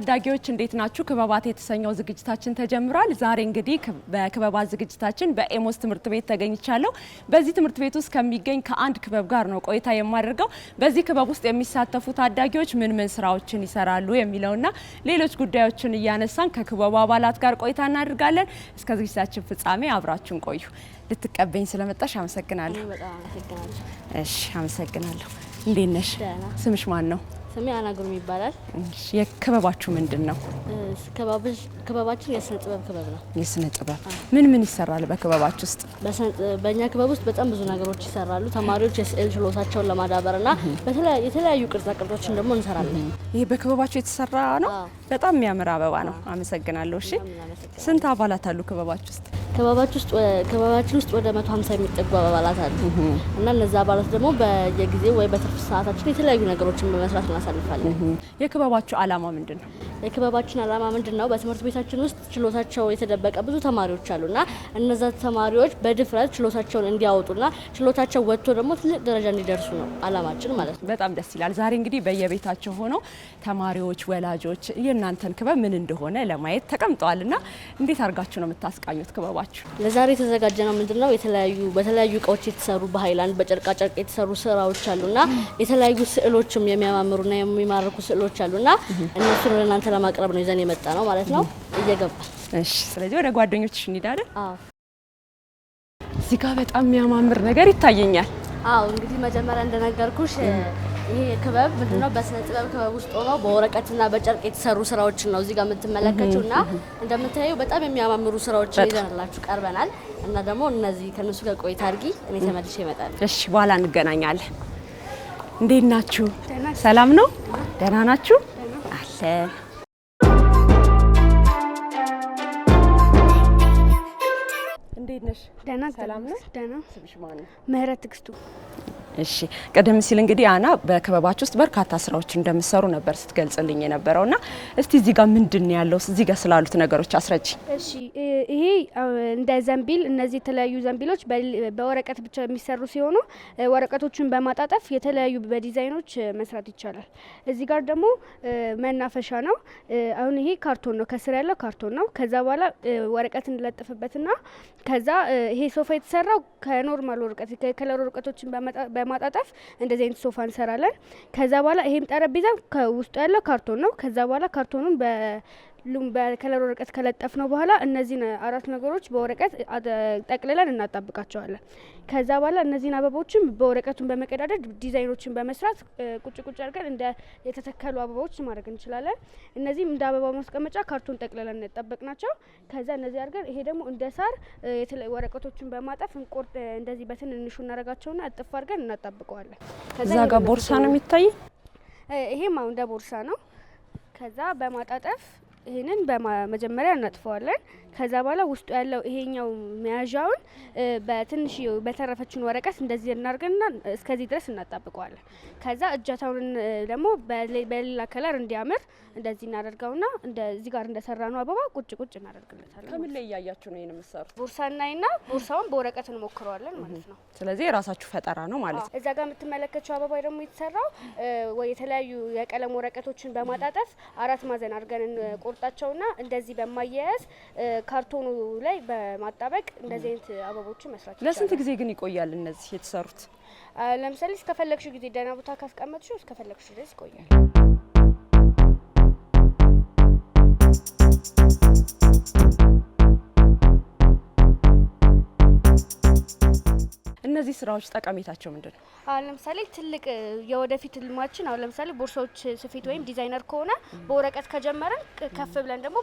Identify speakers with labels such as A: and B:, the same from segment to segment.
A: ታዳጊዎች እንዴት ናችሁ? ክበባት የተሰኘው ዝግጅታችን ተጀምሯል። ዛሬ እንግዲህ በክበባት ዝግጅታችን በኤሞስ ትምህርት ቤት ተገኝቻለሁ። በዚህ ትምህርት ቤት ውስጥ ከሚገኝ ከአንድ ክበብ ጋር ነው ቆይታ የማደርገው። በዚህ ክበብ ውስጥ የሚሳተፉ ታዳጊዎች ምን ምን ስራዎችን ይሰራሉ የሚለውና ሌሎች ጉዳዮችን እያነሳን ከክበቡ አባላት ጋር ቆይታ እናደርጋለን። እስከ ዝግጅታችን ፍጻሜ አብራችን ቆዩ። ልትቀበኝ ስለመጣሽ አመሰግናለሁ። እሺ፣ አመሰግናለሁ። እንዴት ነሽ? ስምሽ ማን ነው?
B: ስሜ አናግሩም ይባላል።
A: የክበባችሁ ምንድን ነው?
B: ክበባችን የስነ ጥበብ ክበብ ነው።
A: የስነ ጥበብ ምን ምን ይሰራል በክበባችሁ ውስጥ?
B: በእኛ ክበብ ውስጥ በጣም ብዙ ነገሮች ይሰራሉ። ተማሪዎች የስዕል ችሎታቸውን ለማዳበርና የተለያዩ ቅርጻ ቅርጾችን ደግሞ እንሰራለን።
A: ይሄ በክበባችሁ የተሰራ ነው። በጣም የሚያምር አበባ ነው። አመሰግናለሁ። እሺ፣ ስንት አባላት አሉ ክበባችሁ ውስጥ?
B: ክበባችን ውስጥ ወደ መቶ የሚጠጉ አባላት አሉ እና እነዚህ አባላት ደግሞ በየጊዜው ወይ በትርፍ ሰዓታችን የተለያዩ ነገሮችን በመስራት ነው እናሳልፋለን።
A: የክበባችሁ ዓላማ ምንድን ነው?
B: የክበባችን ዓላማ ምንድን ነው? በትምህርት ቤታችን ውስጥ ችሎታቸው የተደበቀ ብዙ ተማሪዎች አሉና እነዛ ተማሪዎች በድፍረት ችሎታቸውን እንዲያወጡና ችሎታቸው ወጥቶ ደግሞ ትልቅ ደረጃ እንዲደርሱ ነው አላማችን ማለት
A: ነው። በጣም ደስ ይላል። ዛሬ እንግዲህ በየቤታቸው ሆነው ተማሪዎች፣ ወላጆች የእናንተን ክበብ ምን እንደሆነ ለማየት ተቀምጠዋል እና እንዴት አድርጋችሁ ነው የምታስቃኙት ክበባችሁ?
B: ለዛሬ የተዘጋጀ ነው ምንድን ነው የተለያዩ በተለያዩ እቃዎች የተሰሩ በሀይላንድ በጨርቃጨርቅ የተሰሩ ስራዎች አሉና የተለያዩ ስዕሎችም የሚያማምሩ እና የሚማርኩ ስዕሎች አሉና እነሱን ወደ እናንተ ለማቅረብ ነው ይዘን የመጣ ነው ማለት ነው። እየገባ
A: እሺ። ስለዚህ ወደ ጓደኞችሽ እንሄዳለን። እዚህ ጋር በጣም የሚያማምር ነገር ይታየኛል።
B: አዎ እንግዲህ መጀመሪያ እንደነገርኩሽ ይሄ ክበብ ምንድነው? በስነ ጥበብ ክበብ ውስጥ ሆኖ በወረቀትና በጨርቅ የተሰሩ ስራዎችን ነው እዚህ ጋር የምትመለከችው እና እንደምታየው በጣም የሚያማምሩ ስራዎችን ይዘንላችሁ ቀርበናል እና ደግሞ እነዚህ ከነሱ ጋር ቆይታ አድርጊ። እኔ ተመልሼ እመጣለሁ።
A: እሺ፣ በኋላ እንገናኛለን። እንዴት ናችሁ? ሰላም ነው? ደህና ናችሁ? አለን እንዴት ነሽ? ደህና ሰላም ነው?
B: ደህና ምህረት ትግስቱ
A: እሺ ቀደም ሲል እንግዲህ አና በክበባችሁ ውስጥ በርካታ ስራዎች እንደምሰሩ ነበር ስትገልጽልኝ የነበረው እና እስቲ እዚህ ጋር ምንድን ያለው እዚህ ጋር ስላሉት ነገሮች አስረጅ።
B: እሺ ይሄ እንደ ዘንቢል፣ እነዚህ የተለያዩ ዘንቢሎች በወረቀት ብቻ የሚሰሩ ሲሆኑ ወረቀቶቹን በማጣጠፍ የተለያዩ በዲዛይኖች መስራት ይቻላል። እዚህ ጋር ደግሞ መናፈሻ ነው። አሁን ይሄ ካርቶን ነው፣ ከስር ያለው ካርቶን ነው። ከዛ በኋላ ወረቀት እንለጥፍበትና ከዛ ይሄ ሶፋ የተሰራው ከኖርማል ወረቀት ከከለር ወረቀቶችን በማጣ በማጣጠፍ እንደዚህ አይነት ሶፋ እንሰራለን። ከዛ በኋላ ይሄም ጠረጴዛ ከውስጡ ያለው ካርቶን ነው። ከዛ በኋላ ካርቶኑን በ ሁሉም በከለር ወረቀት ከለጠፍ ነው በኋላ እነዚህን አራት ነገሮች በወረቀት ጠቅልለን እናጣብቃቸዋለን። ከዛ በኋላ እነዚህን አበቦችም በወረቀቱን በመቀዳደድ ዲዛይኖችን በመስራት ቁጭ ቁጭ አድርገን እንደ የተተከሉ አበባዎች ማድረግ እንችላለን። እነዚህም እንደ አበባ ማስቀመጫ ካርቶን ጠቅልለን እንጠበቅ ናቸው። ከዛ እነዚህ አድርገን ይሄ ደግሞ እንደ ሳር ወረቀቶችን በማጠፍ እንቆርጥ እንደዚህ በትንንሹ እናደርጋቸውና እጥፍ አድርገን እናጣብቀዋለን።
A: እዛ ጋር ቦርሳ ነው የሚታይ።
B: ይሄም አሁን እንደ ቦርሳ ነው። ከዛ በማጣጠፍ ይህንን በመጀመሪያ እናጥፈዋለን። ከዛ በኋላ ውስጡ ያለው ይሄኛው መያዣውን በትንሽ በተረፈችን ወረቀት እንደዚህ እናርግና እስከዚህ ድረስ እናጣብቀዋለን። ከዛ እጀታውን ደግሞ በሌላ ከለር እንዲያምር እንደዚህ እናደርገውና እንደዚህ ጋር እንደሰራ ነው አበባ ቁጭ ቁጭ እናደርግለታለን።
A: ከምን ላይ እያያችሁ ነው ይህን የምትሰሩት?
B: ቦርሳ ቦርሳውን በወረቀት እንሞክረዋለን ማለት ነው።
A: ስለዚህ የራሳችሁ ፈጠራ ነው ማለት
B: ነው። እዛ ጋር የምትመለከተው አበባ ደግሞ የተሰራው የተለያዩ የቀለም ወረቀቶችን በማጣጠፍ አራት ማዘን አድርገን ቆርጣቸውና እንደዚህ በማያያዝ ካርቶኑ ላይ በማጣበቅ እንደዚህ አይነት አበቦችን መስራት
A: ይቻላል። ለስንት ጊዜ ግን ይቆያል እነዚህ የተሰሩት?
B: ለምሳሌ እስከፈለግሽው ጊዜ ደህና ቦታ ካስቀመጥሽው እስከፈለግሽው ድረስ ይቆያል።
A: እነዚህ ስራዎች ጠቀሜታቸው ምንድን ነው?
B: አሁን ለምሳሌ ትልቅ የወደፊት ልማችን አሁን ለምሳሌ ቦርሳዎች ስፌት ወይም ዲዛይነር ከሆነ በወረቀት ከጀመረን ከፍ ብለን ደግሞ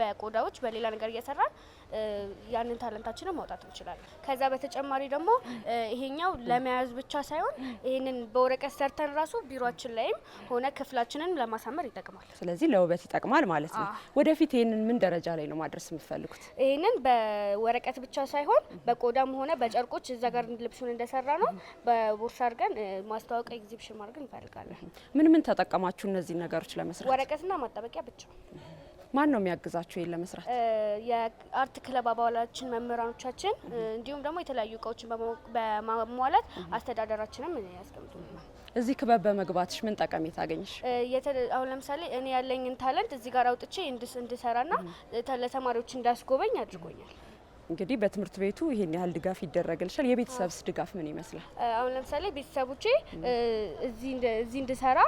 B: በቆዳዎች በሌላ ነገር እየሰራን ያንን ታለንታችንን ማውጣት እንችላለን። ከዛ በተጨማሪ ደግሞ ይሄኛው ለመያዝ ብቻ ሳይሆን ይህንን በወረቀት ሰርተን ራሱ ቢሮችን ላይም ሆነ ክፍላችንን ለማሳመር ይጠቅማል።
A: ስለዚህ ለውበት ይጠቅማል ማለት ነው። ወደፊት ይህንን ምን ደረጃ ላይ ነው ማድረስ የምትፈልጉት?
B: ይህንን በወረቀት ብቻ ሳይሆን በቆዳም ሆነ በጨርቆች እዛ ጋር ልብሱን እንደሰራ ነው በቦርሳ አድርገን ማስታወቂያ ኤግዚቢሽን ማድረግ እንፈልጋለን።
A: ምን ምን ተጠቀማችሁ እነዚህ ነገሮች ለመስራት?
B: ወረቀትና ማጣበቂያ ብቻ
A: ማን ነው የሚያግዛቸው? ይሄን ለመስራት?
B: የአርት ክለብ አባላችን መምህራኖቻችን፣ እንዲሁም ደግሞ የተለያዩ እቃዎችን በማሟላት አስተዳደራችንም ያስቀምጡልናል።
A: እዚህ ክበብ በመግባትሽ ምን ጠቀሜታ አገኘሽ?
B: አሁን ለምሳሌ እኔ ያለኝን ታለንት እዚህ ጋር አውጥቼ እንድሰራና ለተማሪዎች እንዳስጎበኝ አድርጎኛል።
A: እንግዲህ በትምህርት ቤቱ ይሄን ያህል ድጋፍ ይደረግልሻል። የቤተሰብስ ድጋፍ ምን ይመስላል?
B: አሁን ለምሳሌ ቤተሰቦቼ እዚህ እንድሰራ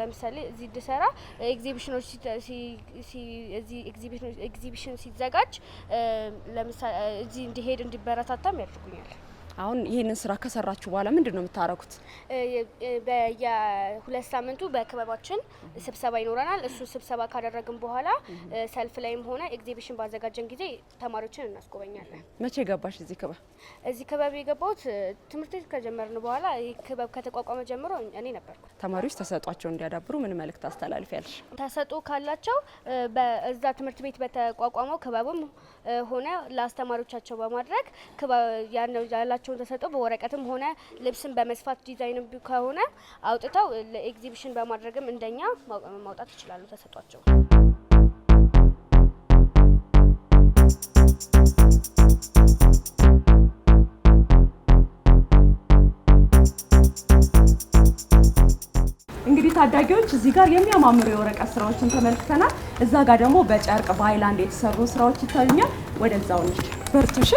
B: ለምሳሌ እዚህ እንድሰራ ኤግዚቢሽኖች ኤግዚቢሽን ሲዘጋጅ ለምሳሌ እዚህ እንዲሄድ እንዲበረታታም ያደርጉኛል።
A: አሁን ይህንን ስራ ከሰራችሁ በኋላ ምንድን ነው የምታረጉት?
B: በየሁለት ሳምንቱ በክበባችን ስብሰባ ይኖረናል። እሱ ስብሰባ ካደረግን በኋላ ሰልፍ ላይም ሆነ ኤግዚቢሽን ባዘጋጀን ጊዜ ተማሪዎችን እናስጎበኛለን።
A: መቼ ገባሽ እዚህ ክበብ?
B: እዚህ ክበብ የገባሁት ትምህርት ቤት ከጀመርን በኋላ ክበብ ከተቋቋመ ጀምሮ እኔ ነበርኩ።
A: ተማሪዎች ተሰጧቸው እንዲያዳብሩ ምን መልእክት አስተላልፊያለሽ?
B: ተሰጦ ካላቸው በዛ ትምህርት ቤት በተቋቋመው ክበብም ሆነ ለአስተማሪዎቻቸው በማድረግ ያላቸውን ተሰጥኦ በወረቀትም ሆነ ልብስን በመስፋት ዲዛይን ከሆነ አውጥተው ለኤግዚቢሽን በማድረግም እንደኛ ማውጣት ይችላሉ ተሰጧቸው።
A: ታዳጊዎች እዚህ ጋር የሚያማምሩ የወረቀት ስራዎችን ተመልክተናል። እዛ ጋር ደግሞ በጨርቅ በሃይላንድ የተሰሩ ስራዎች ይታዩኛል። ወደዛው ንድ በርቱሽ።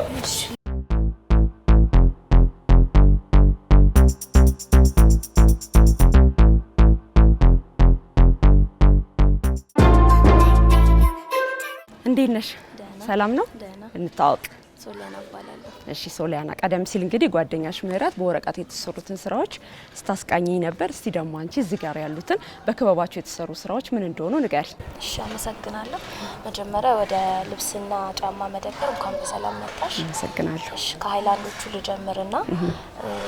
A: እንዴት ነሽ? ሰላም ነው። እንታወቅ
B: ሶሊያና እባላለሁ።
A: እሺ ሶሊያና፣ ቀደም ሲል እንግዲህ ጓደኛሽ ምህረት በወረቀት የተሰሩትን ስራዎች ስታስቃኝ ነበር። እስቲ ደግሞ አንቺ እዚህ ጋር ያሉትን በክበባቸው የተሰሩ ስራዎች ምን እንደሆኑ ንገሪ።
B: እሺ፣ አመሰግናለሁ። መጀመሪያ ወደ ልብስና ጫማ መደብር እንኳን በሰላም መጣሽ። አመሰግናለሁ። እሺ፣ ከሀይላንዶቹ ልጀምርና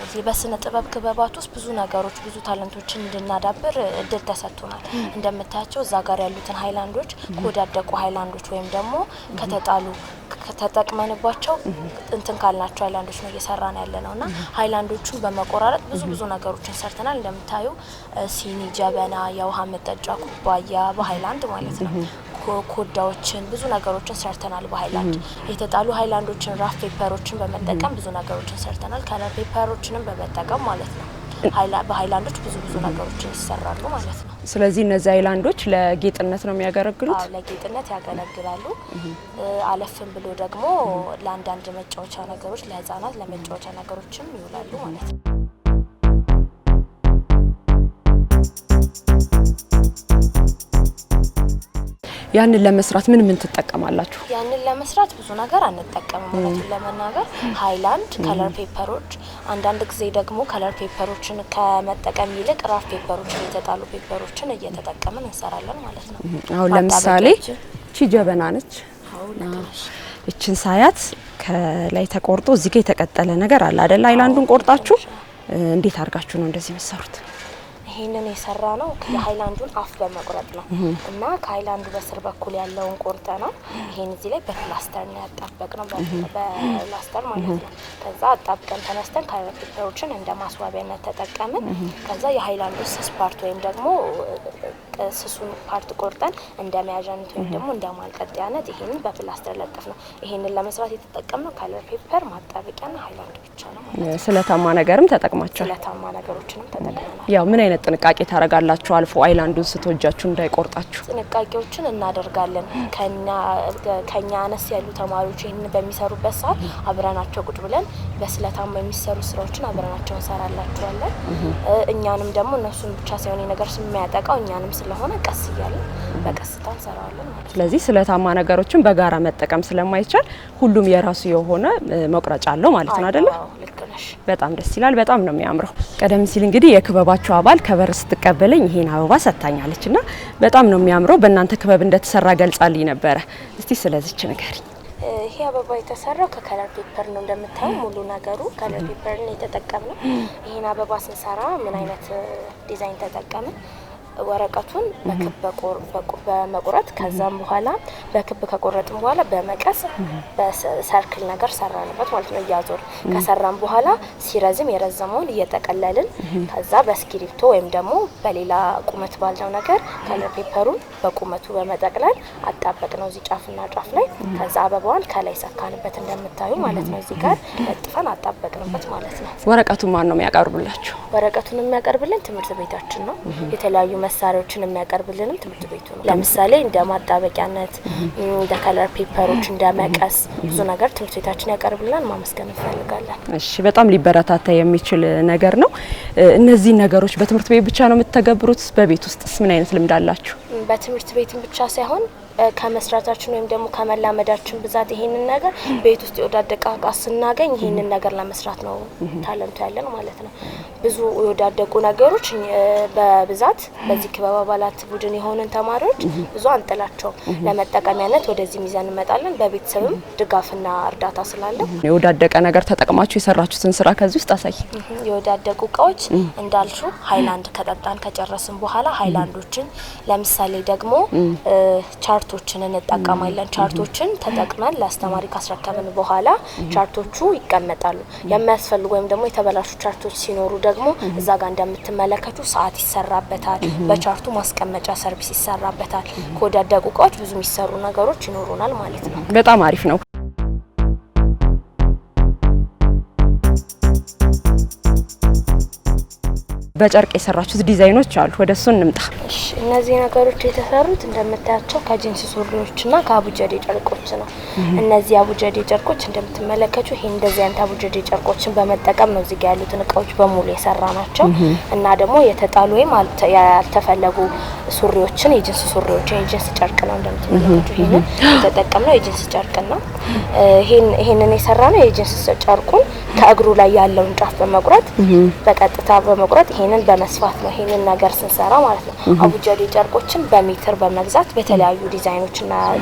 B: እዚህ በስነ ጥበብ ክበባት ውስጥ ብዙ ነገሮች ብዙ ታለንቶችን እንድናዳብር እድል ተሰጥቶናል። እንደምታያቸው እዛ ጋር ያሉትን ሀይላንዶች ከወዳደቁ ሀይላንዶች ወይም ደግሞ ከተጣሉ ከተጠቅመንባቸው እንትን ካልናቸው ሀይላንዶች ነው እየሰራ ነው ያለ ነው እና ሀይላንዶቹን በመቆራረጥ ብዙ ብዙ ነገሮችን ሰርተናል። እንደምታዩ ሲኒ፣ ጀበና፣ የውሃ መጠጫ ኩባያ በሀይላንድ ማለት ነው። ኮዳዎችን ብዙ ነገሮችን ሰርተናል። በሀይላንድ የተጣሉ ሀይላንዶችን ራፍ ፔፐሮችን በመጠቀም ብዙ ነገሮችን ሰርተናል። ከለር ፔፐሮችንም በመጠቀም ማለት ነው። በሀይላንዶች ብዙ ብዙ ነገሮችን ይሰራሉ ማለት ነው።
A: ስለዚህ እነዚህ አይላንዶች ለጌጥነት ነው የሚያገለግሉት።
B: ለጌጥነት ያገለግላሉ። አለፍም ብሎ ደግሞ ለአንዳንድ መጫወቻ ነገሮች፣ ለህፃናት ለመጫወቻ ነገሮችም ይውላሉ ማለት ነው።
A: ያንን ለመስራት ምን ምን ትጠቀማላችሁ?
B: ያንን ለመስራት ብዙ ነገር አንጠቀምም እውነቱን ለመናገር ሃይላንድ፣ ከለር ፔፐሮች፣ አንዳንድ ጊዜ ደግሞ ከለር ፔፐሮችን ከመጠቀም ይልቅ ራፍ ፔፐሮችን፣ የተጣሉ ፔፐሮችን እየተጠቀምን እንሰራለን ማለት
A: ነው። አሁን ለምሳሌ ቺ ጀበና ነች። እችን ሳያት ከላይ ተቆርጦ እዚህ የተቀጠለ ነገር አለ አደል ሃይላንዱን ቆርጣችሁ እንዴት አድርጋችሁ ነው እንደዚህ የምትሰሩት?
B: ይሄንን የሰራ ነው የሀይላንዱን አፍ በመቁረጥ ነው እና ከሀይላንዱ በስር በኩል ያለውን ቁርጠ ነው ይሄን እዚህ ላይ በፕላስተር ነው ያጣበቅ ነው በፕላስተር ማለት ነው። ከዛ አጣብቀን ተነስተን ካሮት እንደ ማስዋቢያነት ተጠቀምን። ከዛ የሀይላንዱ ስስ ፓርት ወይም ደግሞ ስሱን ፓርት ቆርጠን እንደ መያዣነት ወይም ደግሞ እንደ ማንጠልጠያነት ይሄንን በፕላስተር ለጠፍ ነው። ይሄንን ለመስራት የተጠቀምነው ከለር ፔፐር፣ ማጣበቂያና ሀይላንድ ብቻ ነው
A: ማለት ነው። ስለታማ ነገርም ተጠቅማቸዋል።
B: ስለታማ ነገሮችንም ተጠቅመናል።
A: ያው ምን አይነት ጥንቃቄ ታደርጋላችሁ? አልፎ አይላንዱን ስትወጃችሁ እንዳይቆርጣችሁ
B: ጥንቃቄዎችን እናደርጋለን። ከኛ አነስ ያሉ ተማሪዎች ይህንን በሚሰሩበት ሰዓት አብረናቸው ቁጭ ብለን በስለታማ የሚሰሩ ስራዎችን አብረናቸው እንሰራላቸዋለን። እኛንም ደግሞ እነሱን ብቻ ሳይሆን ነገር ስም የሚያጠቃው እኛንም ስለሆነ ቀስ እያለ በቀስታ እንሰራዋለን
A: ማለት ስለዚህ ስለታማ ነገሮችን በጋራ መጠቀም ስለማይቻል ሁሉም የራሱ የሆነ መቁረጫ አለው ማለት ነው አይደለ? በጣም ደስ ይላል። በጣም ነው የሚያምረው። ቀደም ሲል እንግዲህ የክበባችሁ አባል ከበር ስትቀበለኝ ይሄን አበባ ሰጥታኛለች እና በጣም ነው የሚያምረው። በእናንተ ክበብ እንደተሰራ ገልጻልኝ ነበረ። እስቲ ስለዚች ነገር
B: ይሄ አበባ የተሰራው ከከለር ፔፐር ነው። እንደምታዩ ሙሉ ነገሩ ከለር ፔፐርን የተጠቀምነው። ይህን አበባ ስንሰራ ምን አይነት ዲዛይን ተጠቀምን? ወረቀቱን በክብ በመቁረጥ ከዛም በኋላ በክብ ከቆረጥን በኋላ በመቀስ በሰርክል ነገር ሰራንበት ማለት ነው። እያዞር ከሰራን በኋላ ሲረዝም የረዘመውን እየጠቀለልን ከዛ በእስክሪብቶ ወይም ደግሞ በሌላ ቁመት ባለው ነገር ከለር ፔፐሩን በቁመቱ በመጠቅለል አጣበቅ ነው እዚህ ጫፍና ጫፍ ላይ ከዛ አበባዋን ከላይ ሰካንበት እንደምታዩ ማለት ነው። እዚህ ጋር ለጥፈን አጣበቅንበት ማለት ነው።
A: ወረቀቱን ማን ነው የሚያቀርብላችሁ?
B: ወረቀቱን የሚያቀርብልን ትምህርት ቤታችን ነው የተለያዩ መሳሪያዎችን የሚያቀርብልንም ትምህርት ቤቱ ነው። ለምሳሌ እንደ ማጣበቂያነት፣ እንደ ከለር ፔፐሮች፣ እንደ መቀስ ብዙ ነገር ትምህርት ቤታችን ያቀርብልናል። ማመስገን እንፈልጋለን።
A: እሺ፣ በጣም ሊበረታታ የሚችል ነገር ነው። እነዚህ ነገሮች በትምህርት ቤት ብቻ ነው የምትተገብሩት? በቤት ውስጥስ ምን አይነት ልምድ አላችሁ?
B: በትምህርት ቤትም ብቻ ሳይሆን ከመስራታችን ወይም ደግሞ ከመላመዳችን ብዛት ይሄንን ነገር ቤት ውስጥ የወዳደቀ እቃ ስናገኝ ይሄንን ነገር ለመስራት ነው ታለምቶ ያለን ማለት ነው። ብዙ የወዳደቁ ነገሮች በብዛት በዚህ ክበብ አባላት ቡድን የሆንን ተማሪዎች ብዙ አንጥላቸው ለመጠቀሚያነት ወደዚህ ሚዛን እንመጣለን። በቤተሰብም ድጋፍና እርዳታ ስላለን
A: የወዳደቀ ነገር ተጠቅማችሁ የሰራችሁትን ስራ ከዚህ ውስጥ አሳይ።
B: የወዳደቁ እቃዎች እንዳልሹ ሀይላንድ ከጠጣን ከጨረስን በኋላ ሀይላንዶችን ለምሳሌ ደግሞ ቻርት ቻርቶችን እንጠቀማለን። ቻርቶችን ተጠቅመን ለአስተማሪ ካስረከብን በኋላ ቻርቶቹ ይቀመጣሉ። የሚያስፈልጉ ወይም ደግሞ የተበላሹ ቻርቶች ሲኖሩ ደግሞ እዛ ጋር እንደምትመለከቱ ሰዓት ይሰራበታል። በቻርቱ ማስቀመጫ ሰርቪስ ይሰራበታል። ከወዳደቁ እቃዎች ብዙ የሚሰሩ ነገሮች ይኖሩናል ማለት
A: ነው። በጣም አሪፍ ነው። በጨርቅ የሰራችሁት ዲዛይኖች አሉ። ወደ እሱ እንምጣ።
B: እነዚህ ነገሮች የተሰሩት እንደምታያቸው ከጂንስ ሱሪዎችና ከአቡጀዴ ጨርቆች ነው። እነዚህ አቡጀዴ ጨርቆች እንደምትመለከቱ ይህ እንደዚህ አይነት አቡጀዴ ጨርቆችን በመጠቀም ነው እዚጋ ያሉትን እቃዎች በሙሉ የሰራ ናቸው። እና ደግሞ የተጣሉ ወይም ያልተፈለጉ ሱሪዎችን የጂንስ ሱሪዎች የጂንስ ጨርቅ ነው እንደምትመለከቱ ይሄንን የተጠቀምነው የጂንስ ጨርቅ ነው። ይህንን የሰራ ነው የጂንስ ጨርቁን ከእግሩ ላይ ያለውን ጫፍ በመቁረጥ በቀጥታ በመቁረጥ ይሄንን በመስፋት ነው ይህንን ነገር ስንሰራ ማለት ነው። አቡጃዴ ጨርቆችን በሜትር በመግዛት በተለያዩ ዲዛይኖች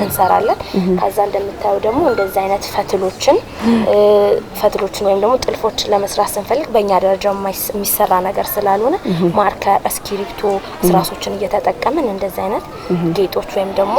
B: እንሰራለን። ከዛ እንደምታየው ደግሞ እንደዚህ አይነት ፈትሎችን ፈትሎችን ወይም ደግሞ ጥልፎችን ለመስራት ስንፈልግ በእኛ ደረጃ የሚሰራ ነገር ስላልሆነ ማርከር፣ እስክሪብቶ ስራሶችን እየተጠቀምን እንደዚህ አይነት ጌጦች ወይም ደግሞ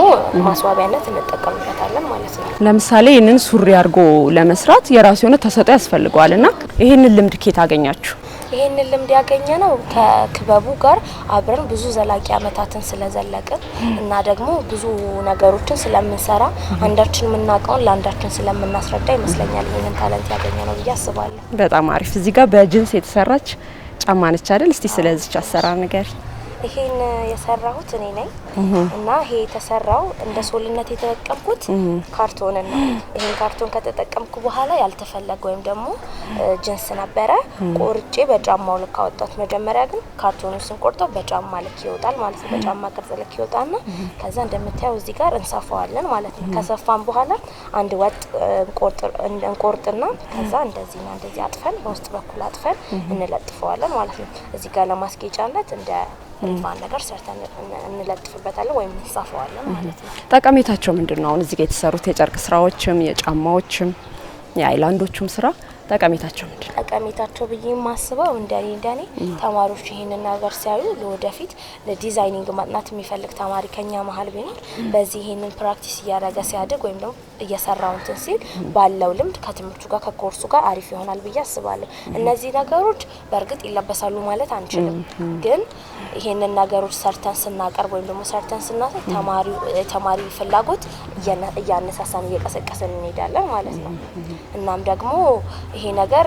B: ማስዋቢያነት እንጠቀምበታለን ማለት
A: ነው። ለምሳሌ ይህንን ሱሪ አድርጎ ለመስራት የራሱ የሆነ ተሰጦ ያስፈልገዋል እና ይህንን ልምድ ኬት አገኛችሁ?
B: ይህንን ልምድ ያገኘ ነው ከክበቡ ጋር አብረን ብዙ ዘላቂ አመታትን ስለዘለቅን እና ደግሞ ብዙ ነገሮችን ስለምንሰራ አንዳችን የምናውቀውን ለአንዳችን ስለምናስረዳ ይመስለኛል ይህንን ታለንት ያገኘ ነው ብዬ አስባለሁ።
A: በጣም አሪፍ። እዚህ ጋር በጅንስ የተሰራች ጫማ ነች አይደል? እስቲ ስለዚች አሰራር ንገሪ።
B: ይሄን የሰራሁት እኔ ነኝ እና ይሄ የተሰራው እንደ ሶልነት የተጠቀምኩት ካርቶን ነው። ይሄን ካርቶን ከተጠቀምኩ በኋላ ያልተፈለገ ወይም ደግሞ ጅንስ ነበረ ቆርጬ በጫማው ልክ አወጣሁት። መጀመሪያ ግን ካርቶኑን ስንቆርጠው በጫማ ልክ ይወጣል ማለት ነው። በጫማ ቅርጽ ልክ ይወጣና ከዛ እንደምታየው እዚህ ጋር እንሰፋዋለን ማለት ነው። ከሰፋን በኋላ አንድ ወጥ እንቆርጥና ከዛ እንደዚህና እንደዚህ አጥፈን በውስጥ በኩል አጥፈን እንለጥፈዋለን ማለት ነው። እዚህ ጋር ለማስጌጫነት እንደ የሚባል ነገር ሰርተን እንለጥፍበታለን ወይም እንጻፈዋለን ማለት ነው።
A: ጠቀሜታቸው ምንድን ነው? አሁን እዚህ ጋር የተሰሩት የጨርቅ ስራዎችም የጫማዎችም የአይላንዶቹም ስራ ጠቀሜታቸው ምንድን
B: ነው? ጠቀሜታቸው ብዬ የማስበው እንደኔ እንደኔ ተማሪዎች ይህንን ነገር ሲያዩ ለወደፊት ለዲዛይኒንግ ማጥናት የሚፈልግ ተማሪ ከኛ መሀል ቢኖር በዚህ ይህንን ፕራክቲስ እያደረገ ሲያድግ ወይም ደግሞ እየሰራው እንትን ሲል ባለው ልምድ ከትምህርቱ ጋር ከኮርሱ ጋር አሪፍ ይሆናል ብዬ አስባለሁ። እነዚህ ነገሮች በእርግጥ ይለበሳሉ ማለት አንችልም፣ ግን ይህንን ነገሮች ሰርተን ስናቀርብ ወይም ደግሞ ሰርተን ስናሳይ ተማሪ ፍላጎት እያነሳሳን እየቀሰቀሰን እንሄዳለን ማለት ነው እናም ደግሞ ይሄ ነገር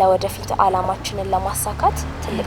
B: ለወደፊት አላማችንን ለማሳካት ትልቅ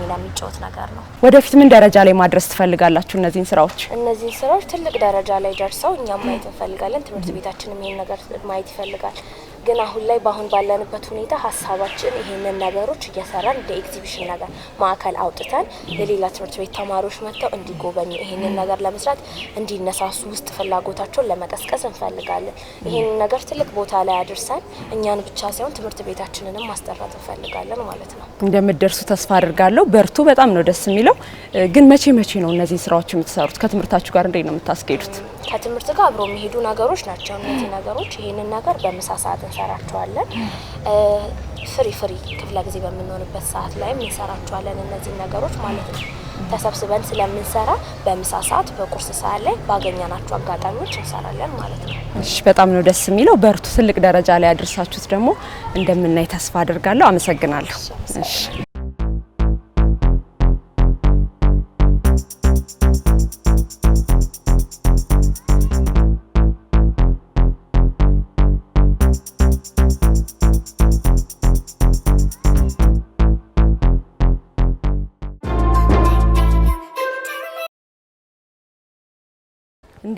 B: ሚና የሚጫወት ነገር ነው።
A: ወደፊት ምን ደረጃ ላይ ማድረስ ትፈልጋላችሁ? እነዚህን ስራዎች
B: እነዚህን ስራዎች ትልቅ ደረጃ ላይ ደርሰው እኛም ማየት እንፈልጋለን። ትምህርት ቤታችንም ይህን ነገር ማየት ይፈልጋል። ግን አሁን ላይ በአሁን ባለንበት ሁኔታ ሀሳባችን ይህንን ነገሮች እየሰራን እንደ ኤግዚቢሽን ነገር ማዕከል አውጥተን የሌላ ትምህርት ቤት ተማሪዎች መጥተው እንዲጎበኙ ይህንን ነገር ለመስራት እንዲነሳሱ ውስጥ ፍላጎታቸውን ለመቀስቀስ እንፈልጋለን። ይህንን ነገር ትልቅ ቦታ ላይ አድርሰን እኛን ብቻ ሳይሆን ትምህርት ቤታችንንም ማስጠራት እንፈልጋለን ማለት ነው።
A: እንደምደርሱ ተስፋ አድርጋለሁ። በርቱ። በጣም ነው ደስ የሚለው። ግን መቼ መቼ ነው እነዚህ ስራዎች የምትሰሩት? ከትምህርታችሁ ጋር እንዴት ነው የምታስኬዱት?
B: ከትምህርት ጋር አብሮ የሚሄዱ ነገሮች ናቸው እነዚህ ነገሮች። ይህንን ነገር በምሳ ሰዓት እንሰራቸዋለን። ፍሪ ፍሪ ክፍለ ጊዜ በምንሆንበት ሰዓት ላይም እንሰራቸዋለን እነዚህ ነገሮች ማለት ነው። ተሰብስበን ስለምንሰራ በምሳ ሰዓት፣ በቁርስ ሰዓት ላይ ባገኘናቸው አጋጣሚዎች እንሰራለን ማለት ነው።
A: እሺ፣ በጣም ነው ደስ የሚለው። በርቱ፣ ትልቅ ደረጃ ላይ ያደርሳችሁት ደግሞ እንደምናይ ተስፋ አድርጋለሁ። አመሰግናለሁ። እሺ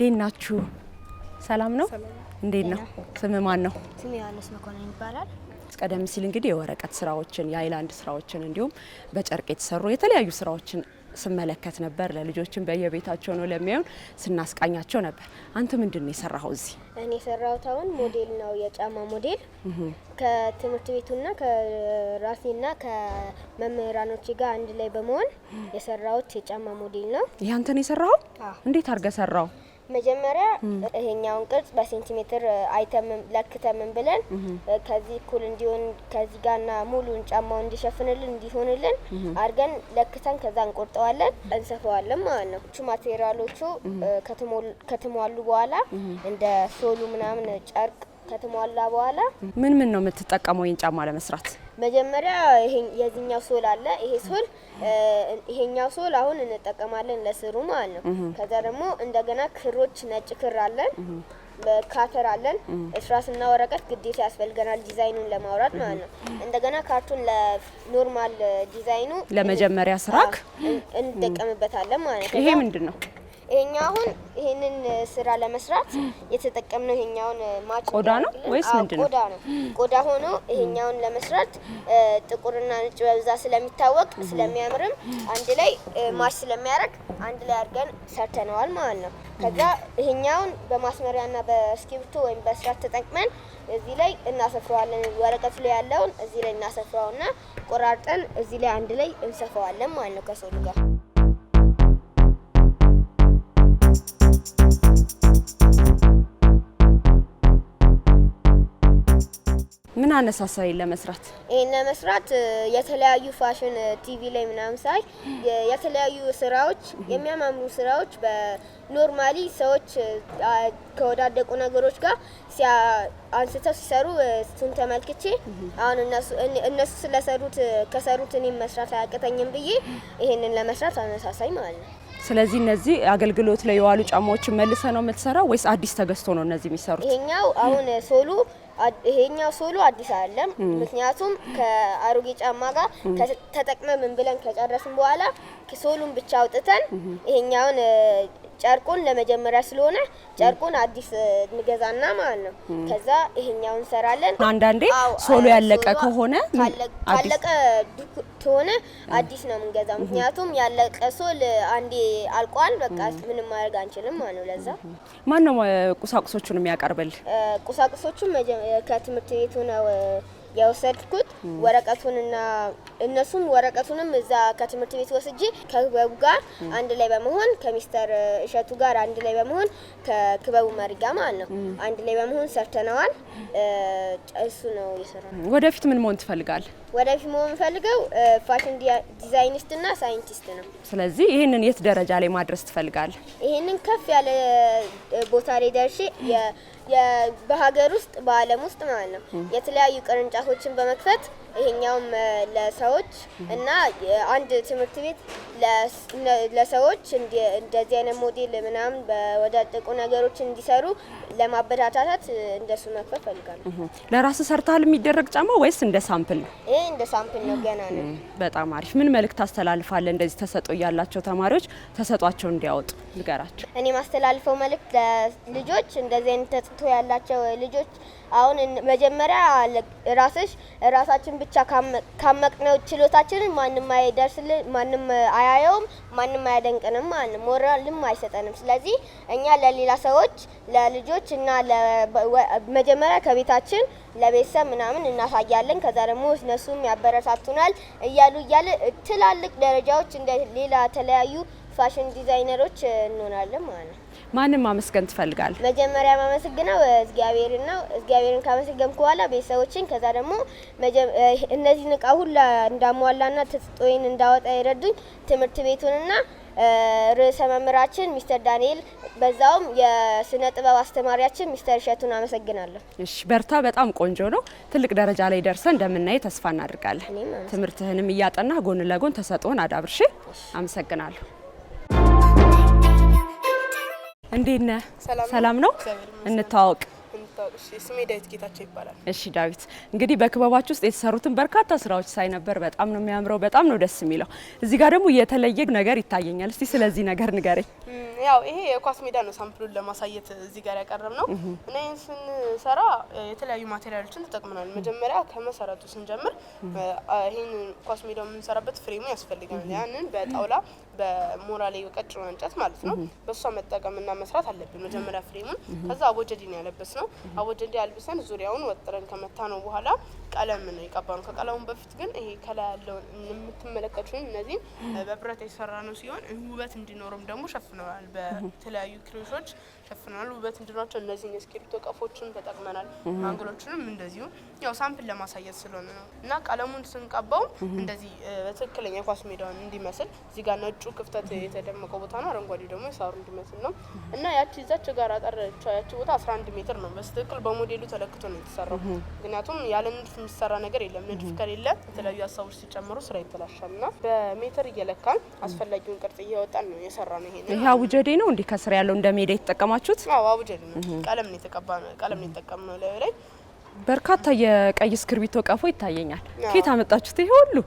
A: እንዴት ናችሁ? ሰላም ነው። እንዴት ነው? ስም ማን ነው?
B: ስም ዮሐንስ መኮንን ይባላል።
A: ቀደም ሲል እንግዲህ የወረቀት ስራዎችን የአይላንድ ስራዎችን እንዲሁም በጨርቅ የተሰሩ የተለያዩ ስራዎችን ስመለከት ነበር። ለልጆችን በየቤታቸው ነው ለሚያዩን ስናስቃኛቸው ነበር። አንተ ምንድን ነው የሰራኸው? እዚህ
B: እኔ የሰራሁት አሁን ሞዴል ነው፣ የጫማ ሞዴል ከትምህርት ቤቱና ከራሴና ከመምህራኖች ጋር አንድ ላይ በመሆን የሰራሁት የጫማ ሞዴል ነው።
A: ይህ አንተ ነው የሰራኸው? እንዴት አድርገህ ሰራው?
B: መጀመሪያ ይሄኛውን ቅርጽ በሴንቲሜትር አይተም ለክተምን ብለን ከዚህ እኩል እንዲሆን ከዚህ ጋርና ሙሉን ጫማውን እንዲሸፍንልን እንዲሆንልን አድርገን ለክተን ከዛ እንቆርጠዋለን፣ እንሰፈዋለን ማለት ነው። ቹ ማቴሪያሎቹ ከተሟሉ በኋላ እንደ ሶሉ ምናምን ጨርቅ ከተሟላ በኋላ
A: ምን ምን ነው የምትጠቀመው ይህን ጫማ ለመስራት?
B: መጀመሪያ የዚህኛው ሶል አለ። ይሄ ሶል ይሄኛው ሶል አሁን እንጠቀማለን ለስሩ ማለት ነው። ከዛ ደግሞ እንደገና ክሮች፣ ነጭ ክር አለን፣ ካተር አለን፣ እስራስና ወረቀት ግዴታ ያስፈልገናል ዲዛይኑን ለማውራት ማለት ነው። እንደገና ካርቱን ለኖርማል ዲዛይኑ
A: ለመጀመሪያ ስራክ
B: እንጠቀምበታለን ማለት
A: ነው። ይሄ ምንድን ነው?
B: ይሄኛ አሁን ይሄንን ስራ ለመስራት የተጠቀምነው ይሄኛውን ማጭ
A: ቆዳ ነው ወይስ ምንድን
B: ነው? ቆዳ ነው። ቆዳ ሆኖ ይሄኛውን ለመስራት ጥቁርና ነጭ በብዛት ስለሚታወቅ ስለሚያምርም አንድ ላይ ማች ስለሚያደርግ አንድ ላይ አድርገን ሰርተነዋል ማለት ነው። ከዛ ይሄኛውን በማስመሪያና በእስክሪብቶ ወይም በስራት ተጠቅመን እዚህ ላይ እናሰፍረዋለን። ወረቀቱ ላይ ያለውን እዚህ ላይ እናሰፍረውና ቆራርጠን እዚህ ላይ አንድ ላይ እንሰፋዋለን ማለት ነው ከሶሉ ጋር
A: ምን አነሳሳይ ለመስራት
B: ይሄን ለመስራት የተለያዩ ፋሽን ቲቪ ላይ ምናምን ሳይ የተለያዩ ስራዎች የሚያማምሩ ስራዎች በኖርማሊ ሰዎች ከወዳደቁ ነገሮች ጋር አንስተው ሲሰሩ እሱን ተመልክቼ አሁን እነሱ ስለሰሩት ከሰሩት እኔም መስራት አያቅተኝም ብዬ ይሄንን ለመስራት አነሳሳይ ማለት ነው።
A: ስለዚህ እነዚህ አገልግሎት ላይ የዋሉ ጫማዎችን መልሰ ነው የምትሰራው ወይስ አዲስ ተገዝቶ ነው እነዚህ የሚሰሩት?
B: ይሄኛው አሁን ሶሉ ይሄኛው ሶሉ አዲስ አይደለም። ምክንያቱም ከአሮጌ ጫማ ጋር ተጠቅመ ምን ብለን ከጨረስን በኋላ ሶሉን ብቻ አውጥተን ይሄኛውን ጨርቁን ለመጀመሪያ ስለሆነ ጨርቁን አዲስ እንገዛና ማለት ነው። ከዛ ይሄኛው እንሰራለን።
A: አንዳንዴ ሶሎ ያለቀ ከሆነ
B: ካለቀ ከሆነ አዲስ ነው የምንገዛ። ምክንያቱም ያለቀ ሶል አንዴ አልቋል፣ በቃ ምንም ማድረግ አንችልም ማለት ነው። ለዛ
A: ማን ነው ቁሳቁሶቹን የሚያቀርብል?
B: ቁሳቁሶቹን ከትምህርት ቤቱ ነው የወሰድኩት ወረቀቱንና እነሱም ወረቀቱንም እዛ ከትምህርት ቤት ወስጄ ከክበቡ ጋር አንድ ላይ በመሆን ከሚስተር እሸቱ ጋር አንድ ላይ በመሆን ከክበቡ መሪጋ ማለት ነው አንድ ላይ በመሆን ሰርተነዋል። እሱ ነው የሰራ።
A: ወደፊት ምን መሆን ትፈልጋል?
B: ወደፊት መሆን ፈልገው ፋሽን ዲዛይኒስት ሳይንቲስት ነው።
A: ስለዚህ ይህንን የት ደረጃ ላይ ማድረስ ትፈልጋል?
B: ይህንን ከፍ ያለ ቦታ ላይ ደርሼ በሀገር ውስጥ በዓለም ውስጥ ማለት ነው የተለያዩ ቅርንጫፎችን በመክፈት ይሄኛውም ለሰዎች እና አንድ ትምህርት ቤት ለሰዎች እንደዚህ አይነት ሞዴል ምናምን በወዳደቁ ነገሮች እንዲሰሩ ለማበረታታት እንደሱ መክፈል ፈልጋል።
A: ለራስ ሰርተሃል የሚደረግ ጫማ ወይስ እንደ ሳምፕል ነው?
B: ይህ እንደ ሳምፕል ነው፣ ገና ነው።
A: በጣም አሪፍ። ምን መልእክት አስተላልፋለህ? እንደዚህ ተሰጦ እያላቸው ተማሪዎች ተሰጧቸው እንዲያወጡ ንገራቸው።
B: እኔ ማስተላልፈው መልእክት ለልጆች እንደዚህ አይነት ተሰጥኦ ያላቸው ልጆች አሁን መጀመሪያ ራስሽ ራሳችን ብቻ ካመቅነው ችሎታችንን ማንም አይደርስልን፣ ማንም አያየውም፣ ማንም አያደንቅንም ማንም ሞራልም አይሰጠንም። ስለዚህ እኛ ለሌላ ሰዎች ለልጆች እና መጀመሪያ ከቤታችን ለቤተሰብ ምናምን እናሳያለን። ከዛ ደግሞ እነሱም ያበረታቱናል እያሉ እያለ ትላልቅ ደረጃዎች እንደ ሌላ ተለያዩ ፋሽን ዲዛይነሮች እንሆናለን ማለት
A: ነው። ማንም ማመስገን ትፈልጋል?
B: መጀመሪያ ማመስግነው እግዚአብሔርን ነው። እግዚአብሔርን ካመሰገንኩ በኋላ ቤተሰቦችን፣ ከዛ ደግሞ እነዚህን እቃ ሁሉ እንዳሟላና ተስጦይን እንዳወጣ ይረዱኝ ትምህርት ቤቱንና ርዕሰ መምህራችን ሚስተር ዳንኤል በዛውም የስነ ጥበብ አስተማሪያችን ሚስተር እሸቱን አመሰግናለሁ።
A: እሺ በርታ፣ በጣም ቆንጆ ነው። ትልቅ ደረጃ ላይ ደርሰ እንደምናየ ተስፋ እናደርጋለን። ትምህርትህንም እያጠና ጎን ለጎን ተሰጥኦን አዳብርሽ። አመሰግናለሁ። እንዴት ነህ? ሰላም ነው። እንታወቅ።
B: ስሜ ዳዊት ጌታቸው ይባላል።
A: እሺ ዳዊት፣ እንግዲህ በክበባችሁ ውስጥ የተሰሩትን በርካታ ስራዎች ሳይ ነበር። በጣም ነው የሚያምረው፣ በጣም ነው ደስ የሚለው። እዚህ ጋር ደግሞ የተለየ ነገር ይታየኛል። እስቲ ስለዚህ ነገር ንገረኝ።
B: ያው ይሄ የኳስ ሜዳ ነው፣ ሳምፕሉን ለማሳየት እዚህ ጋር ያቀረብ ነው እና ይህን ስንሰራ የተለያዩ ማቴሪያሎችን ተጠቅመናል። መጀመሪያ ከመሰረቱ ስንጀምር ይህን ኳስ ሜዳ የምንሰራበት ፍሬሙ ያስፈልገናል። ያንን በጣውላ በሞራሌ የቀጭኑ እንጨት ማለት ነው። በእሷ መጠቀምና መስራት አለብን። መጀመሪያ ፍሬሙን፣ ከዛ አቦጀዴን ያለበስ ነው። አቦጀዴ ያልብሰን ዙሪያውን ወጥረን ከመታ ነው በኋላ ቀለም ነው የቀባ ነው። ከቀለሙ በፊት ግን ይሄ ከላይ ያለውን የምትመለከቱ እነዚህ በብረት የሰራ ነው ሲሆን ውበት እንዲኖርም ደግሞ ሸፍነዋል በተለያዩ ክሬሾች ሸፍናል። ውበት እንድናቸው እነዚህን የእስክሪብቶ ቀፎችን ተጠቅመናል። አንግሎችንም እንደዚሁ ያው ሳምፕል ለማሳየት ስለሆነ ነው እና ቀለሙን ስንቀባው እንደዚህ በትክክለኛ የኳስ ሜዳውን እንዲመስል እዚህ ጋር ነጩ ክፍተት የተደመቀው ቦታ ነው። አረንጓዴ ደግሞ የሳሩ እንዲመስል ነው እና ያቺ ዛች ጋር አጠረቻ ያቺ ቦታ 11 ሜትር ነው። በስትክክል በሞዴሉ ተለክቶ ነው የተሰራው። ምክንያቱም ያለ ንድፍ የሚሰራ ነገር የለም። ንድፍ ከሌለ የተለያዩ ሀሳቦች ሲጨምሩ ስራ ይበላሻል እና በሜትር እየለካል አስፈላጊውን ቅርጽ እያወጣን ነው የሰራ ነው።
A: ይሄ አቡጀዴ ነው እንዲህ ከስር ያለው እንደ ሜዳ የተጠቀማ የተጠቀማችሁት?
B: አዎ አቡጀድን ቀለም ነው ነው ቀለም ነው የተጠቀምነው ላይ
A: በርካታ የቀይ እስክርቢቶ ቀፎ ይታየኛል። ከየት አመጣችሁት ይሄ ሁሉ?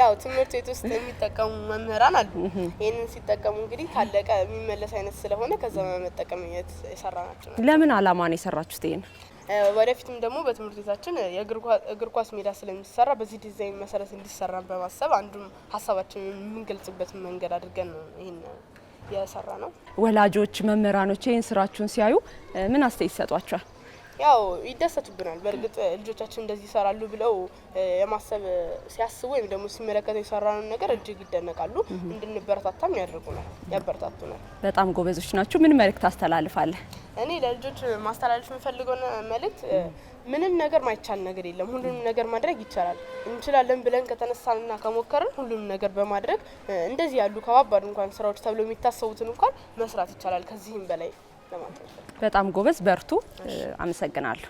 B: ያው ትምህርት ቤት ውስጥ የሚጠቀሙ መምህራን አሉ። ይህንን ሲጠቀሙ እንግዲህ ካለቀ የሚመለስ አይነት ስለሆነ ከዛ መጠቀም የሰራ ናቸው።
A: ለምን አላማ ነው የሰራችሁት ይሄን?
B: ወደፊትም ደግሞ በትምህርት ቤታችን የእግር ኳስ ሜዳ ስለሚሰራ በዚህ ዲዛይን መሰረት እንዲሰራ በማሰብ አንዱም ሀሳባችን የምንገልጽበት መንገድ አድርገን ነው ይህን የሰራ ነው።
A: ወላጆች፣ መምህራኖች ይህን ስራችሁን ሲያዩ ምን አስተያየት ይሰጧቸዋል?
B: ያው ይደሰቱብናል። በእርግጥ ልጆቻችን እንደዚህ ይሰራሉ ብለው የማሰብ ሲያስቡ ወይም ደግሞ ሲመለከተው የሰራነውን ነገር እጅግ ይደነቃሉ። እንድንበረታታም ያደርጉናል፣ ያበረታቱናል።
A: በጣም ጎበዞች ናችሁ። ምን መልእክት አስተላልፋለህ
B: እኔ ለልጆች ማስተላለፍ የምፈልገው መልእክት ምንም ነገር ማይቻል ነገር የለም። ሁሉንም ነገር ማድረግ ይቻላል። እንችላለን ብለን ከተነሳንና ከሞከርን ሁሉንም ነገር በማድረግ እንደዚህ ያሉ ከባባድ እንኳን ስራዎች ተብሎ የሚታሰቡትን እንኳን መስራት ይቻላል ከዚህም በላይ
A: በጣም ጎበዝ፣ በርቱ። አመሰግናለሁ።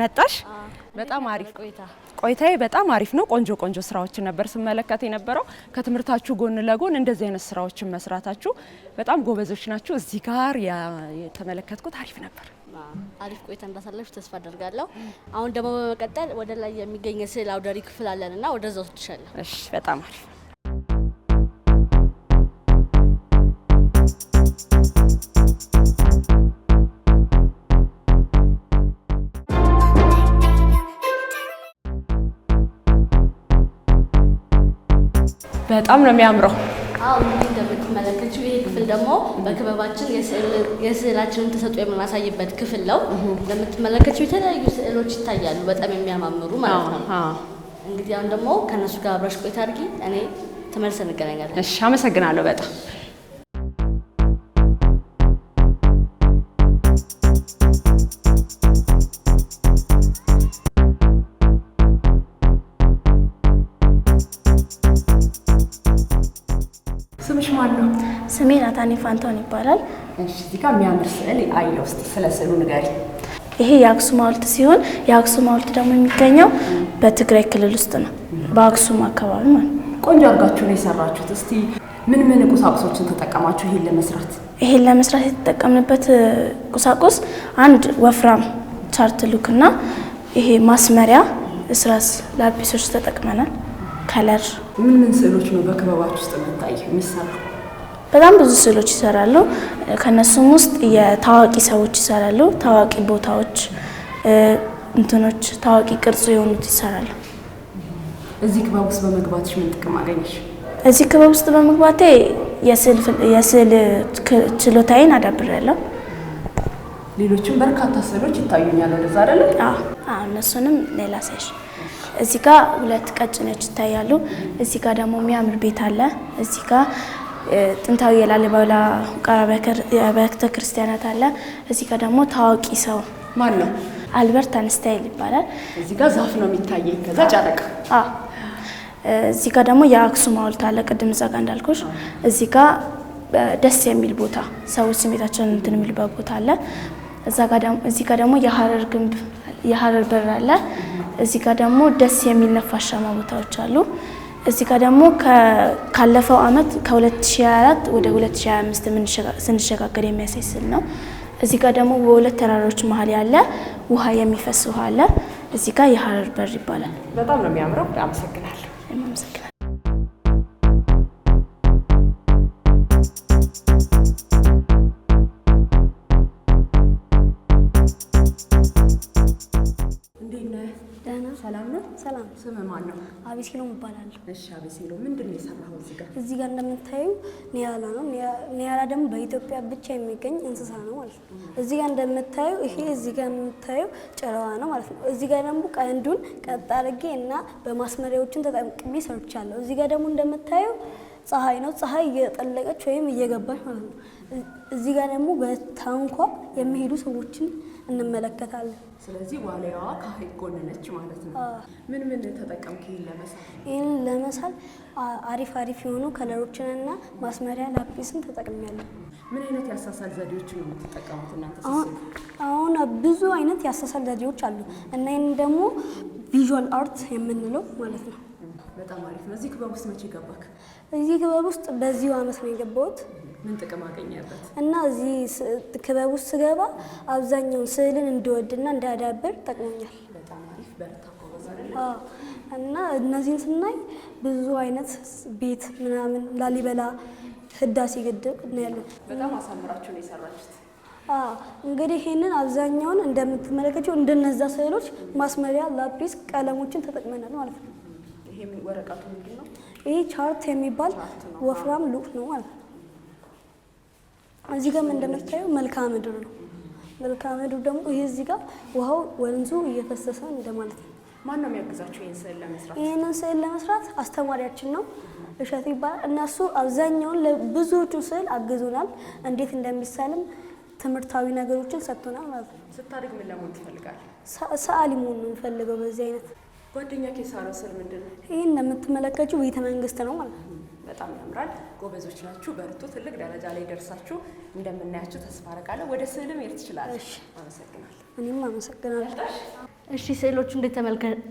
A: መጣሽ። በጣም አሪፍ ቆይታ ቆይታዬ በጣም አሪፍ ነው። ቆንጆ ቆንጆ ስራዎችን ነበር ስመለከት የነበረው። ከትምህርታችሁ ጎን ለጎን እንደዚህ አይነት ስራዎችን መስራታችሁ በጣም ጎበዞች ናችሁ። እዚህ ጋር የተመለከትኩት አሪፍ ነበር።
B: አሪፍ ቆይታ እንዳሳለፍሽ ተስፋ አደርጋለሁ። አሁን ደግሞ በመቀጠል ወደ ላይ የሚገኝ ስዕል አውደሪ ክፍል አለንና ወደዛ ወስድሻለሁ።
A: እሺ፣ በጣም አሪፍ በጣም ነው የሚያምረው።
B: አዎ እንግዲህ እንደምትመለከችው ይሄ ክፍል ደግሞ በክበባችን የስዕላችንን ተሰጥኦ የምናሳይበት ክፍል ነው። እንደምትመለከችው የተለያዩ ስዕሎች ይታያሉ፣ በጣም የሚያማምሩ ማለት ነው። እንግዲህ አሁን ደግሞ ከእነሱ ጋር አብረሽ ቆይታ አድርጊ፣ እኔ ተመልሰን እንገናኛለን።
A: እሺ፣ አመሰግናለሁ በጣም
B: ፋንታውን ይባላል።
A: እዚህ ጋር የሚያምር ስዕል አየሁ። እስኪ ስለ ስዕሉ ንገሪ።
B: ይሄ የአክሱም ሐውልት ሲሆን የአክሱም ሐውልት ደግሞ የሚገኘው በትግራይ ክልል ውስጥ ነው፣ በአክሱም አካባቢ ማለት
A: ነው። ቆንጆ አድርጋችሁ ነው የሰራችሁት። እስቲ ምን ምን ቁሳቁሶችን ተጠቀማችሁ ይሄን ለመስራት?
B: ይሄን ለመስራት የተጠቀምንበት ቁሳቁስ አንድ ወፍራም ቻርት ሉክ እና ይሄ ማስመሪያ እስራስ ላፒሶች ተጠቅመናል። ከለር
A: ምን ምን ስዕሎች ነው በክበባችሁ ውስጥ የምታየው የሚሰራ
B: በጣም ብዙ ስዕሎች ይሰራሉ። ከነሱም ውስጥ የታዋቂ ሰዎች ይሰራሉ። ታዋቂ ቦታዎች፣ እንትኖች ታዋቂ ቅርጽ የሆኑት ይሰራሉ።
A: እዚህ ክበብ ውስጥ በመግባትሽ ምን ጥቅም አገኘሽ?
B: እዚህ ክበብ ውስጥ በመግባቴ የስዕል ችሎታዬን አዳብሬያለሁ።
A: ሌሎችም በርካታ ስዕሎች ይታዩኛል። ወደዛ አደለ?
B: እነሱንም ሌላ ሳይሽ እዚህ ጋር ሁለት ቀጭኖች ይታያሉ። እዚህ ጋር ደግሞ የሚያምር ቤት አለ። እዚህ ጋር ጥንታዊ የላሊበላ ውቅር አብያተ ክርስቲያናት አለ። እዚህ ጋር ደግሞ ታዋቂ ሰው ማን ነው? አልበርት አንስታይል ይባላል።
A: እዚህ ጋር ዛፍ ነው የሚታየኝ፣ ከዛ ጨረቃ።
B: እዚህ ጋር ደግሞ የአክሱም ሐውልት አለ። ቅድም እዛ ጋር እንዳልኩሽ እዚህ ጋር ደስ የሚል ቦታ ሰዎች ስሜታቸውን እንትን የሚልበት ቦታ አለ። እዚህ ጋር ደግሞ የሀረር ግንብ የሀረር በር አለ። እዚህ ጋር ደግሞ ደስ የሚል ነፋሻማ ቦታዎች አሉ። እዚህ ጋር ደግሞ ካለፈው አመት ከ2024 ወደ 2025 ስንሸጋገር የሚያሳይ ስል ነው። እዚህ ጋር ደግሞ በሁለት ተራሮች መሀል ያለ ውሃ የሚፈስ ውሃ አለ። እዚህ ጋር የሀረር በር ይባላል።
A: በጣም ነው የሚያምረው። አመሰግናለሁ። ሰላም። ስም ማን ነው?
B: አቢሲሎም ይባላል።
A: እሺ፣ አቢሲሎም ምንድን ነው የሰራኸው እዚህ ጋር?
B: እዚህ ጋር እንደምታዩ ኒያላ ነው። ኒያላ ደግሞ በኢትዮጵያ ብቻ የሚገኝ እንስሳ ነው ማለት ነው። እዚህ ጋር እንደምታዩ ይሄ እዚህ ጋር የምታዩ ጨረዋ ነው ማለት ነው። እዚህ ጋር ደግሞ ቀንዱን ቀጥ አድርጌ እና በማስመሪያዎችን ተጠቅሜ ሰርቻለሁ። እዚህ ጋር ደግሞ እንደምታዩ ፀሐይ ነው። ፀሐይ እየጠለቀች ወይም እየገባች ማለት ነው። እዚህ ጋር ደግሞ በታንኳ የሚሄዱ ሰዎችን እንመለከታለን።
A: ስለዚህ ዋልያዋ ከሀይቅ ጎን ነች ማለት ነው። ምን ምን ተጠቀምክ ይህን ለመሳል?
B: ይህን ለመሳል አሪፍ አሪፍ የሆኑ ከለሮችንና ማስመሪያ ላፒስን ተጠቅሚያለሁ።
A: ምን አይነት የአሳሳል ዘዴዎች ነው የምትጠቀሙት እናንተ?
B: አሁን ብዙ አይነት የአሳሳል ዘዴዎች አሉ እና ይህን ደግሞ ቪዥዋል አርት የምንለው ማለት ነው።
A: በጣም አሪፍ ነው። እዚህ ክበብ ውስጥ መቼ ገባክ?
B: እዚህ ክበብ ውስጥ በዚሁ አመት ነው የገባሁት።
A: ምን ጥቅም አገኘበት?
B: እና እዚህ ክበብ ውስጥ ስገባ አብዛኛውን ስዕልን እንድወድና እንዳዳብር ጠቅሞኛል። እና እነዚህን ስናይ ብዙ አይነት ቤት ምናምን ላሊበላ፣ ህዳሴ ግድብ ነው ያለው።
A: በጣም አሳምራችሁ ነው የሰራችሁት።
B: እንግዲህ ይህንን አብዛኛውን እንደምትመለከተው እንደነዛ ስዕሎች ማስመሪያ ላጲስ ቀለሞችን ተጠቅመናል ማለት ነው። ይሄ ቻርት የሚባል ወፍራም ሉክ ነው ማለት ነው። እዚህ ጋር እንደምታየው መልክዓ ምድር ነው። መልክዓ ምድር ደግሞ ይህ እዚህ ጋር ውሃው ወንዙ እየፈሰሰ እንደማለት ነው።
A: ማን ነው የሚያግዛቸው ይህን ስዕል ለመስራት?
B: ይህንን ስዕል ለመስራት አስተማሪያችን ነው እሸት ይባላል። እነሱ አብዛኛውን ለብዙዎቹ ስዕል አግዙናል። እንዴት እንደሚሳልም ትምህርታዊ ነገሮችን ሰጥቶናል ማለት
A: ነው። ስታደግ ምን ለመሆን ትፈልጋለህ?
B: ሰዓሊ መሆን ነው የምፈልገው። በዚህ አይነት
A: ጓደኛ ኬሳሮ ስዕል ምንድን ነው?
B: ይህን እንደምትመለከችው ቤተ መንግስት ነው ማለት
A: ነው። በጣም ያምራል። ጎበዞች ናችሁ፣ በርቱ። ትልቅ ደረጃ ላይ ደርሳችሁ እንደምናያችሁ ተስፋ አደርጋለሁ። ወደ ስዕል መሄድ ትችላለሽ። አመሰግናለሁ።
B: እኔም አመሰግናለሁ።
A: እሺ ስዕሎቹ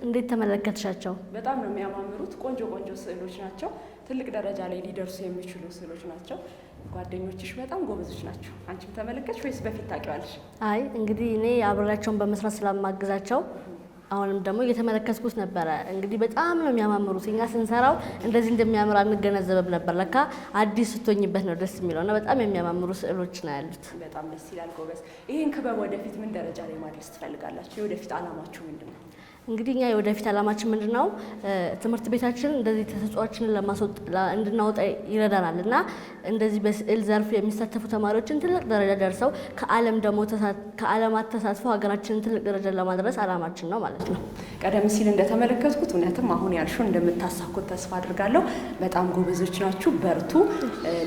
A: እንዴት ተመለከትሻቸው? በጣም ነው የሚያማምሩት። ቆንጆ ቆንጆ ስዕሎች ናቸው። ትልቅ ደረጃ ላይ ሊደርሱ የሚችሉ ስዕሎች ናቸው። ጓደኞችሽ በጣም ጎበዞች ናቸው። አንቺም ተመለከትሽ ወይስ በፊት ታውቂዋለሽ?
B: አይ እንግዲህ እኔ አብሬያቸውን በመስራት ስለማግዛቸው አሁንም ደግሞ እየተመለከትኩት ነበረ። እንግዲህ በጣም ነው የሚያማምሩት። እኛ ስንሰራው እንደዚህ እንደሚያምር አንገነዘበም ነበር። ለካ አዲስ ስቶኝበት ነው ደስ የሚለው እና በጣም የሚያማምሩ ስዕሎች ነው ያሉት።
A: በጣም ደስ ይላል። ጎበዝ። ይህን ክበብ ወደፊት ምን ደረጃ ላይ ማድረስ ትፈልጋላችሁ? የወደፊት አላማችሁ ምንድን ነው?
B: እንግዲህ እኛ የወደፊት ዓላማችን ምንድን ነው? ትምህርት ቤታችን እንደዚህ ተሰጥኦአችንን እንድናወጣ ይረዳናል እና እንደዚህ በስዕል ዘርፍ የሚሳተፉ ተማሪዎችን ትልቅ ደረጃ ደርሰው ከዓለም ደግሞ ከዓለማት ተሳትፎ ሀገራችንን ትልቅ ደረጃ ለማድረስ ዓላማችን ነው ማለት ነው።
A: ቀደም ሲል እንደተመለከትኩት እውነትም አሁን ያልሹ እንደምታሳኩት ተስፋ አድርጋለሁ። በጣም ጎበዞች ናችሁ፣ በርቱ።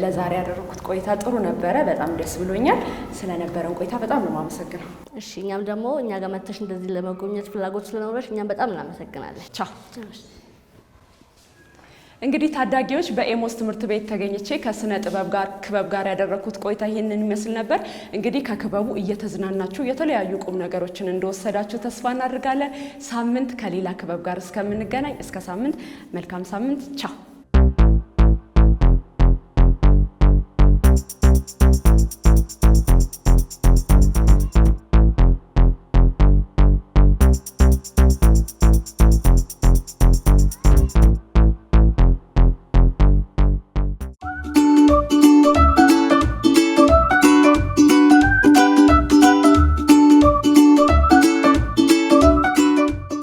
A: ለዛሬ ያደረኩት ቆይታ ጥሩ ነበረ። በጣም ደስ ብሎኛል። ስለነበረን ቆይታ በጣም ነው የማመሰግነው።
B: እሺ እኛም ደግሞ እኛ ጋር መተሽ እንደዚህ ለመጎብኘት ፍላጎት ስለኖረሽ እኛም በጣም እናመሰግናለን። ቻው።
A: እንግዲህ ታዳጊዎች በኤሞስ ትምህርት ቤት ተገኝቼ ከስነ ጥበብ ጋር ክበብ ጋር ያደረኩት ቆይታ ይህንን ይመስል ነበር። እንግዲህ ከክበቡ እየተዝናናችሁ የተለያዩ ቁም ነገሮችን እንደወሰዳችሁ ተስፋ እናድርጋለን። ሳምንት ከሌላ ክበብ ጋር እስከምንገናኝ እስከ ሳምንት መልካም ሳምንት ቻው።